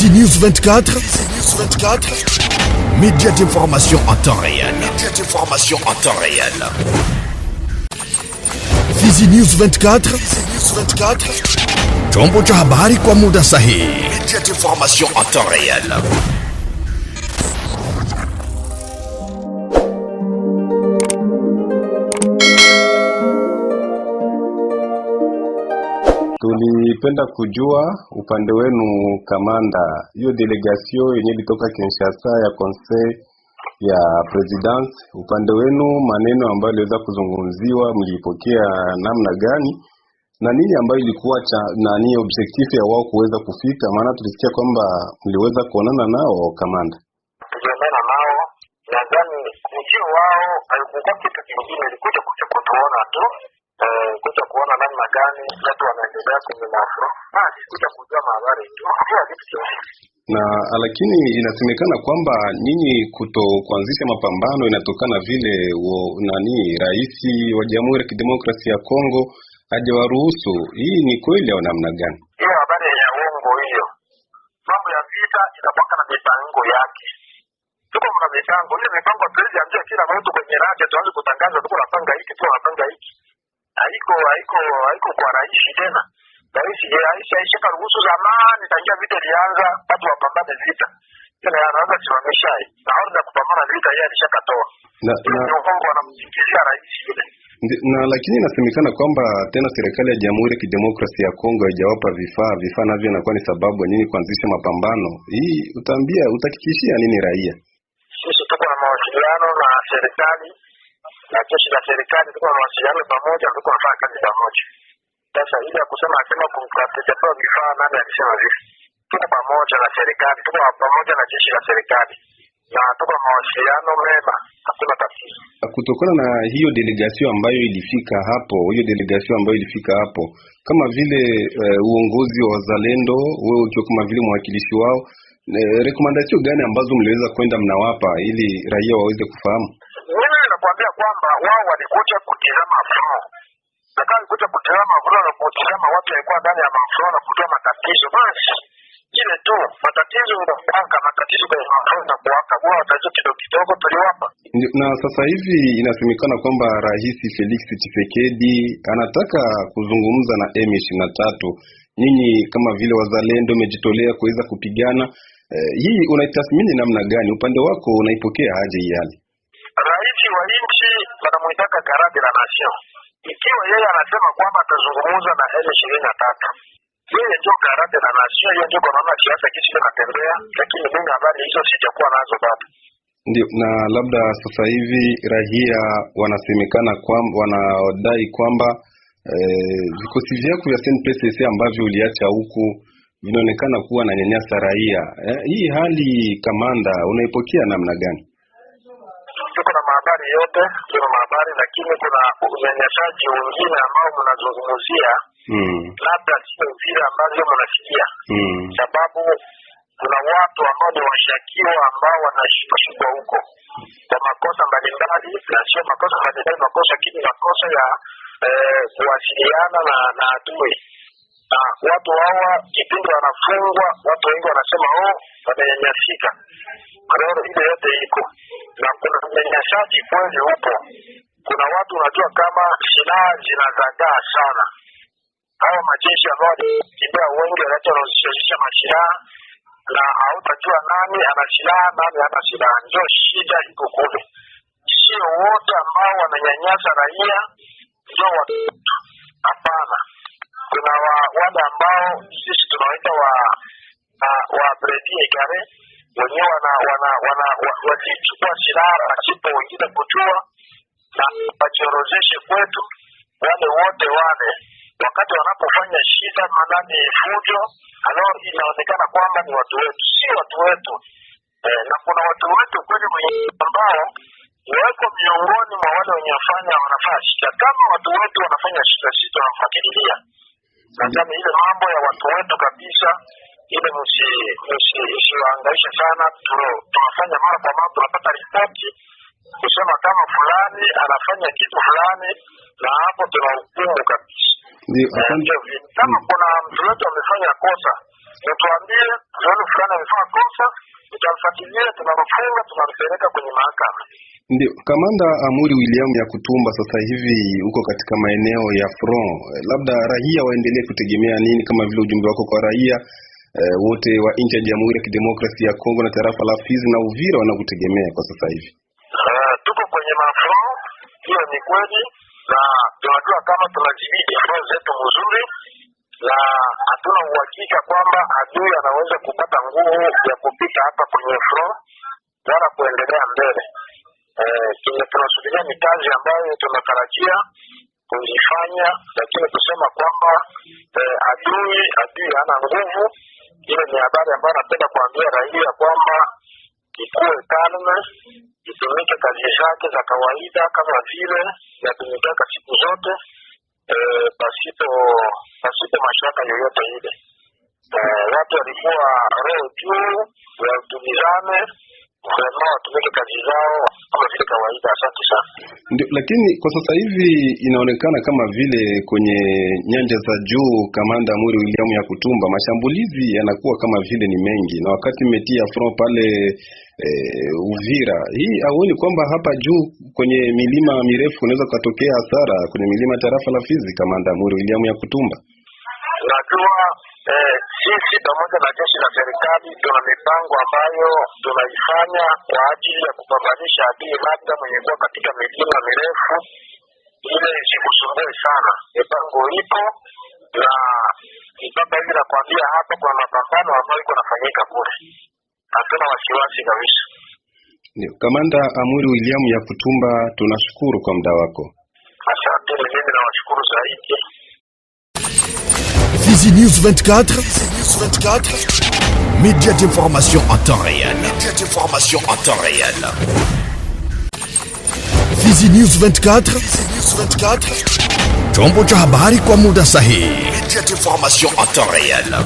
Easy News 24. Easy News 24. Média d'information en temps réel. Média d'information en temps réel. Easy News 24. Easy News 24. Chombo cha habari Sahi. Média d'information en temps réel. tulipenda kujua upande wenu kamanda, hiyo delegasio yenye ilitoka Kinshasa ya Conseil ya Presidence, upande wenu maneno ambayo iliweza kuzungumziwa, mlipokea namna gani na nini ambayo ilikuwa cha nani objective ya wao kuweza kufika? Maana tulisikia kwamba mliweza kuonana nao kamanda. Tulionana nao, nadhani ujio wao alikuwa kitu kingine, ilikuja kuja kutuona tu Eh, kuja kuona namna gani watu wanaendelea kwenye mafuro basi kuja kujua mahabari tu kila kitu na ah, lakini inasemekana kwamba nyinyi kuto kuanzisha mapambano inatokana vile wo, nani rais wa Jamhuri ya kidemokrasi ya Kongo hajawaruhusu. Hii ni kweli au namna gani? Hiyo habari ya uongo hiyo. Mambo ya vita inakuwa na mipango yake, tuko na mipango hiyo, mipango hatuwezi ambia kila mtu kwenye radio tuanze kutangaza, tuko napanga hiki, tuko napanga hiki haiko haiko haiko kwa rais tena. Rais rais aishaka ruhusu zamani, tangia vita ilianza watu wapambane vita tena, anaanza na naanza kupambana vita, yeye alishakatoa na na wanamsikizia rais yule na lakini inasemekana kwamba tena serikali ya Jamhuri ya Kidemokrasia ya Kongo haijawapa vifaa vifaa, navyo inakuwa ni sababu ya nyinyi kuanzisha mapambano hii. Utaambia utakikishia nini raia? Sisi tuko na mawasiliano na serikali na jeshi la serikali tulikuwa na mawasiliano pamoja, tulikuwa tunafanya kazi pamoja. Sasa ile ya kusema asema kukatetepewa vifaa nani alisema vile, tuko pamoja na serikali, tuko pamoja na jeshi la serikali na tuko mawasiliano mema, hakuna tatizo. Kutokana na hiyo delegasio ambayo ilifika hapo, hiyo delegasio ambayo ilifika hapo, kama vile uh, uongozi wa wazalendo, wewe ukiwa kama vile mwakilishi wao, eh, rekomandasio gani ambazo mliweza kwenda mnawapa ili raia waweze kufahamu? kwamba wao walikuja kutizama flow na kama walikuja kutizama flow na kutizama watu walikuwa ndani ya maflow na kutoa matatizo, basi ile tu matatizo kuwaka matatizo kwenye maflow na kuwaka kuwakagua watatizo kidogo kidogo tuliwapa. Na sasa hivi inasemekana kwamba Rais Felix Tshisekedi anataka kuzungumza na M23. Nyinyi kama vile wazalendo umejitolea kuweza kupigana, e, hii unaitathmini namna gani? Upande wako unaipokea aje hii hali? rais wa nchi anamwitaka garante la nation. Ikiwa yeye anasema kwamba atazungumuza na ele ishirini na tatu, yeye ndio garante la nation, yeye ndio kanaona siasa kisi inatembea, lakini mimi habari hizo sijakuwa nazo bado. Ndio, na labda sasa hivi raia wanasemekana kwamba wanadai kwamba vikosi eh, vikosi vyako vya SNPCC ambavyo uliacha huku vinaonekana kuwa na nyanyasa raia e, hii hali kamanda unaipokea namna gani? habari yote, sio habari, lakini kuna unyanyasaji wengine ambao mnazungumzia mm. labda sio vile ambavyo mnafikia mm. sababu kuna watu ambao ni washakiwa ambao wanashikashikwa huko kwa makosa mbalimbali, na sio makosa mbalimbali makosa, lakini makosa ya eh, kuwasiliana na, na adui na watu hawa kipindi wanafungwa, watu wengi wanasema oh, wamenyanyasika Maneno ile yote iko na kuna unyanyasaji kweli huko. Kuna watu unajua kama silaha zinazagaa sana, hawa majeshi ambao walikimbia wengi wanacha wanazisozisha masilaha na hautajua nani ana silaha nani ana silaha. Ndio shida iko kule, sio wote ambao wananyanyasa raia ndio watu, hapana. Kuna wale ambao sisi tunawaita wa wa brigadier wenyewe wakichukua silaha pasipo wengine kujua, na wajiorozeshe kwetu wale wote wale, wakati wanapofanya shida malani fujo, alao inaonekana kwamba ni watu wetu, si watu wetu e, na kuna watu wetu kweli wenye ambao wako miongoni mwa wale wenye wafanya wanafanya shida. Kama watu wetu wanafanya shida, sisi tunafuatilia. Nadhani ile mambo ya watu wetu kabisa ili msiwaangaishe sana. Tunafanya mara kwa mara, tunapata ripoti kusema kama fulani anafanya kitu fulani, na hapo tunahukumu kabisa. Eh, kama mm. kuna mtu wetu amefanya kosa, tuambie zoni fulani amefanya kosa, tutamfuatilia, tunamfunga, tunampeleka kwenye mahakama. Ndio kamanda Amuri William ya Kutumba, sasa hivi huko katika maeneo ya front, eh, labda raia waendelee kutegemea nini kama vile ujumbe wako kwa raia Eh, wote wa nchi ya Jamhuri ya Kidemokrasia ya Kongo na tarafa la Fizi na Uvira wanakutegemea kwa sasa hivi? Uh, tuko kwenye mafuo, hiyo ni kweli, na tunajua kama tunajibidi afro zetu mzuri, na hatuna uhakika kwamba adui anaweza kupata nguvu ya kupita hapa kwenye fro wala kuendelea mbele. Eh, tunasubiria ni kazi ambayo tunatarajia kuifanya, lakini kusema kwamba eh, adui adui hana nguvu hiyo ni habari ambayo napenda kuambia raia kwamba ikuwe kalme, itumike kazi zake za kawaida kama vile yatumikaka siku zote e, pasipo pasipo mashaka yoyote ile. E, watu walikuwa roho juu, watumizane lazima watumike kazi zao kama vile kawaida. Asante sana. Ndio, lakini kwa sasa hivi inaonekana kama vile kwenye nyanja za juu, kamanda Amuri William ya Kutumba, mashambulizi yanakuwa kama vile ni mengi, na wakati mmetia front pale e, Uvira, hii auoni kwamba hapa juu kwenye milima mirefu unaweza kutokea hasara kwenye milima ya tarafa la Fizi, kamanda Amuri William ya Kutumba? Najua eh, sisi pamoja na jeshi la serikali tuna mipango ambayo tunaifanya kwa ajili ya kupambanisha adui labda mwenye kuwa katika milima mirefu ile isikusumbue sana. Mipango ipo na mpaka hivi nakwambia hapa kuna mapambano ambayo iko nafanyika kule, hatuna wasiwasi kabisa. Kamanda Amuri William kutumba tunashukuru kwa muda wako. Asante, mimi nawashukuru zaidi. Easy News 24. Média d'information en temps réel. Média en temps réel. News 24. Easy News 24. Chombo cha Média d'information en temps réel.